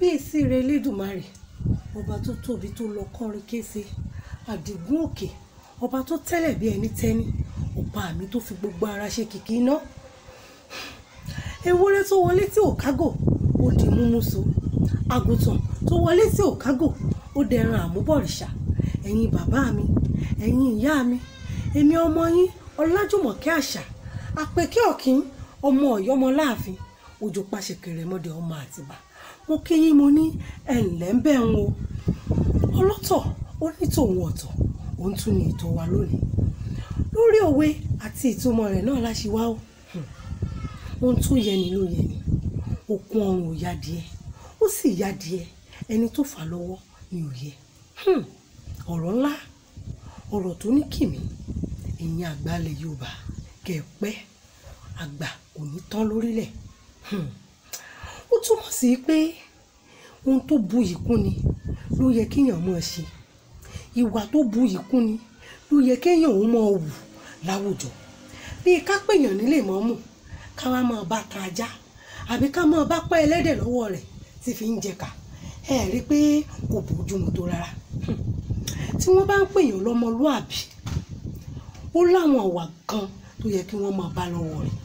bíyèsí rẹ elédùnmarè ọba tó tóbi tó lọ kọrin kése àdìgún òkè ọba tó tẹ́lẹ̀ bí ẹni tẹ́ni ọba mi tó fi gbogbo ara ṣe kìkì iná ewúrẹ́ tó wọlé tí ò kágò ó di múmúso àgùntàn tó wọlé tí ò kágò ó dẹran àmúbọ̀rìṣà ẹ̀yin bàbá mi ẹ̀yin ìyá mi èmi ọmọ yín ọlájùmọ̀kẹ́ àṣà àpèké ọ̀kín ọmọ ọ̀yọ́mọ láàfin òjò pàṣẹkẹrẹ mọ́dẹ ọmọ àtìbà mo kí yín mo ní ẹ̀ǹlẹ́ ń bẹ̀ ń wo ọlọ́tọ̀ ó ní tòun ọ̀tọ̀ òun tún ni ètò wa lónìí lórí òwe àti ìtumọ̀ rẹ̀ náà la ṣe wá o ohun tó yẹni ló yẹni òkun ọrùn ò ya díẹ̀ ó sì ya díẹ̀ ẹni tó fà lọ́wọ́ ni ò yẹ ọ̀rọ̀ ńlá ọ̀rọ̀ tó ní kìmí ẹ̀yin àgbà ilẹ̀ Yorùbá kẹ̀pẹ́ àgbà kò ní tán lórílẹ̀. Hmm ó túmọ̀ sí pé ohun tó bu ìkún ni ló yẹ kéèyàn máa ṣe ìwà tó bu ìkún ni ló yẹ kéèyàn ó máa wù láwùjọ bíi ká pèèyàn nílé mọ́mù ká wá máa bá ta ajá àbí ká máa bá pẹ́ ẹlẹ́dẹ̀ lọ́wọ́ rẹ̀ tí fi ń jẹ̀ka ẹ rí i pé kò bójú mu tó rárá tí wọ́n bá ń pèèyàn lọ́mọlúàbí ó láwọn ọ̀wà kan tó yẹ kí wọ́n máa bá lọ́wọ́ rẹ̀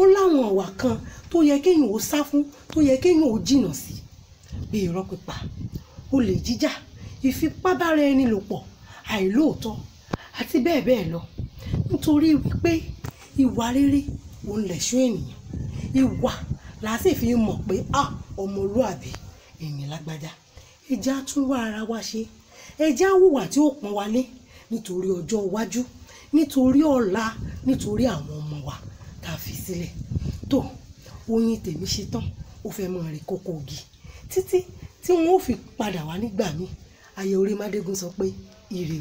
ó láwọn ọ̀wà kan tó yẹ kéèyàn ó sá fún tó yẹ kéèyàn ó jìnnà sí bí irọ́ pípa olè jíjà ìfipábára ẹni lò pọ̀ àìlóòótọ́ àti bẹ́ẹ̀ bẹ́ẹ̀ lọ nítorí wípé ìwà rere òun lẹ̀ṣọ́ ènìyàn ìwà la sì fi mọ̀ pé ọmọlúàbí ènìyàn lágbájá ẹ jẹ́ á tún wá ara wa ṣe ẹ jẹ́ á hùwà tí ó pọn wa lé nítorí ọjọ́ iwájú nítorí ọ̀la nítorí àwọn ọmọ wa sílẹ̀ tó oyin tèmi ṣe tán ó fẹ́ mọ rìn kókó ògì títí tí wọn ò fi padà wá nígbà míì ayé orí mádégún sọ pé ire